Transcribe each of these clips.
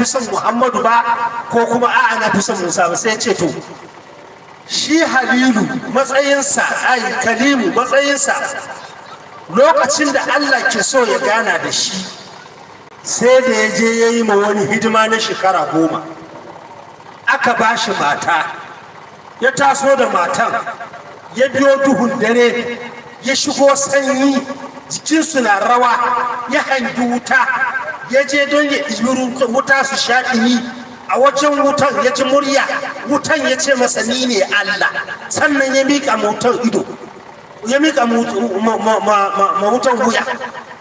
fi son muhammadu ba ko kuma a'a na fi son musa ba sai ce to shi halilu matsayinsa ai kalimu matsayinsa lokacin da allah ke so ya gana da shi sai da ya je ya yi ma wani hidima na shekara goma aka ba shi mata ya taso da matan ya biyo duhun dare ya shigo sanyi jikinsu na rawa ya hangi wuta yace don ya ijiru wuta su ni a wajen wutan ya ji murya wutan ya ce masa ni ne Allah sannan ya mika mutan ido ya miƙa mawutan wuya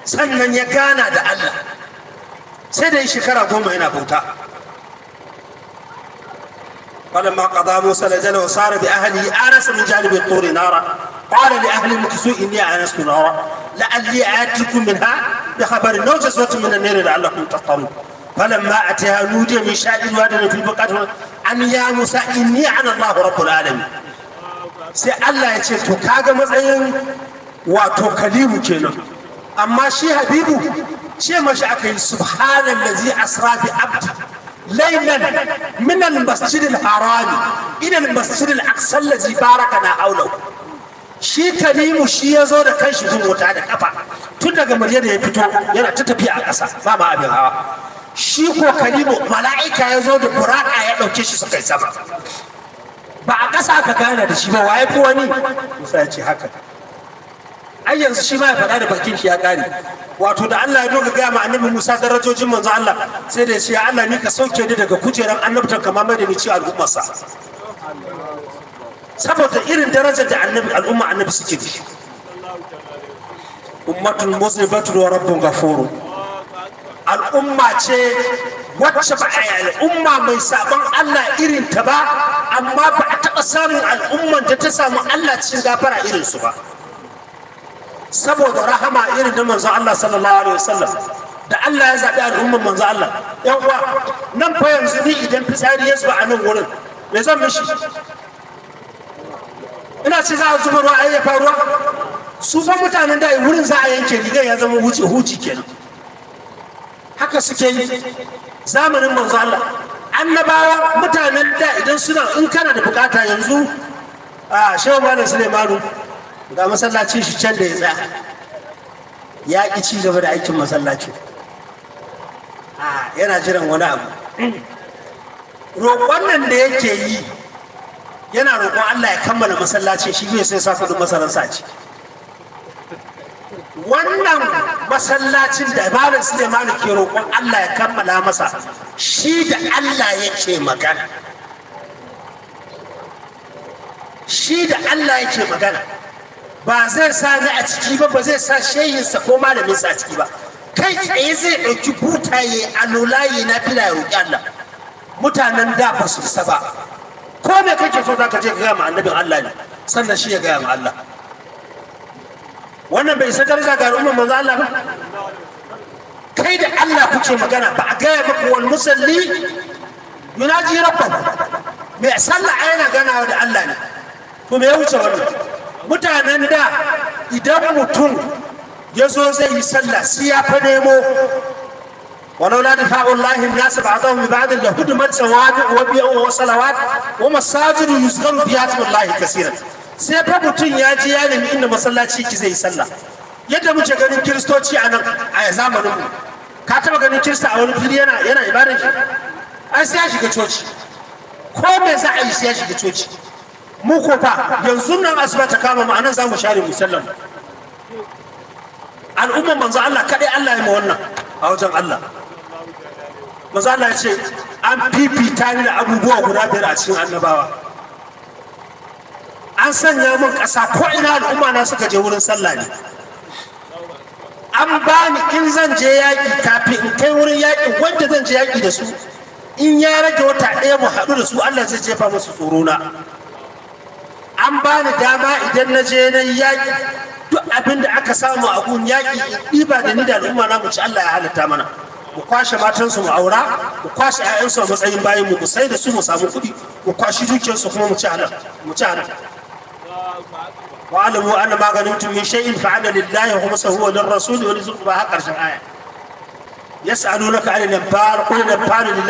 sannan ya gana da Allah sai da shekara goma yana bauta فلما قضى موسى لجل وصار بأهله آنس من جانب الطور نارا قال لأهل المكسوء إني آنست نارا لعلي آتيكم منها بخبر النوجة سوت من النير لعلكم تطمن فلما أتيها نودي من شاد الواد في البقعة أن يا موسى إني أنا الله رب العالمين سأل الله يصير تكاغا مزعين وتوكليم كنا أما شي حبيبه شي ما شاء سبحان الذي أسرى بعبد ليلا من المسجد الحرام إلى المسجد الأقصى الذي باركنا حوله shi karimu shi ya zo da kanshi jin wuta da kafa tun daga muryar da ya fito yana ta tafiya a ƙasa ba ma abin hawa shi ko karimu mala'ika ya zo da buraka ya ɗauke shi suka yi sama ba a ƙasa aka gana da shi ba waye fi wani musa ya ce haka ai yanzu shi ma ya faɗa da bakin shi ya ƙare wato da Allah ya doga gaya ma annabi Musa darajojin manzo Allah sai da ya ce Allah ni ka sauke ni daga kujeran annabtan kamar mai da ni ci al'ummarsa saboda irin darajar da al'umma annabi suke da shi ummatun muslimatun wa rabbun ghafurun al'umma ce wacce ba a al'umma mai sabon Allah irin ta ba amma ba a taɓa samun al'umman da ta samu Allah cikin gafara irin su ba saboda rahama irin da manzo Allah sallallahu alaihi wasallam da Allah ya zaɓi al'umman manzo Allah yan nan fa yanzu ni idan fitsari ya zuba a nan wurin me zan mishi ina ce za a zuba ruwa a yayyafa ruwa su ba mutanen da wurin za a yanke rigar ya zama huci huci kenan haka suke yi zamanin manzo Allah annabawa mutanen da idan suna in kana da bukata yanzu a shehu malam Sulaimanu ga masallacin shi can da ya tsaya ya ki ci gaba da aikin masallacin yana jiran wani abu roƙon nan da yake yi yana roƙon Allah ya kammala masallacin shi zai sai sa kudin masararsa ce wannan masallacin da su ne ke roƙon Allah ya kammala masa shi da Allah ya yake magana shi da Allah ya ce magana ba zai sa ni a ciki ba ba zai sa shehinsa ko malaminsa a ciki ba kai tsaye zai ɗauki butaye a lulaye na fila ya roƙi Allah mutanen da ba su saba ko me kake so zaka je ka gaya ma annabin Allah ne sannan shi ya gaya ma Allah wannan bai isa daraja ga al'ummar manzo Allah ba kai da Allah kuke magana ba a gaya muku wal musalli yunaji rabbahu me sallah yana ganawa da Allah ne to me ya wuce wannan mutanen da idan mutum ya zo zai yi sallah sai ya fa nemo ولولا دفاع الله الناس بعضهم ببعض لهدمت صوامع وبيع وصلوات ومساجد يزغم بياتم الله كثيرا sai fa mutum ya ji ya nemi inda masallaci ki zai sallah yadda muke ganin kiristoci a nan a zamanin mu ka taba ganin kirista a wani fili yana yana ibadar shi an sai shiga coci ko me za a yi sai shiga coci mu ko fa nan kama mu za mu share mu al'umman manzo Allah kadai Allah ya ma wannan a wajen Allah maza Allah ce an fifita ni da abubuwa guda biyar a cikin annabawa an sanya min ƙasa ko ina al'umma na suka je wurin sallah ne an ba ni in zan je yaƙi kafin in kai wurin yaƙi wanda zan je yaƙi da su in ya rage wata ɗaya mu haɗu da su Allah zai jefa musu tsoro na an ba ni dama idan na je na yaƙi duk abin da aka samu a gun yaƙi ɗiba da ni da al'umma na mu ci Allah ya halatta mana mu kwashe matansu mu aura mu kwashe ƴaƴansu a matsayin bayan mu sai da su mu samu kuɗi mu kwashi dukiyarsu kuma mu ci halal mu ci alamu anna ma ganimtum min shay'in fa anna lillahi wa khumsahu wa lirrasuli wa lizul qurba karshen aya yas'alunaka 'anil anfal qul anfal lillahi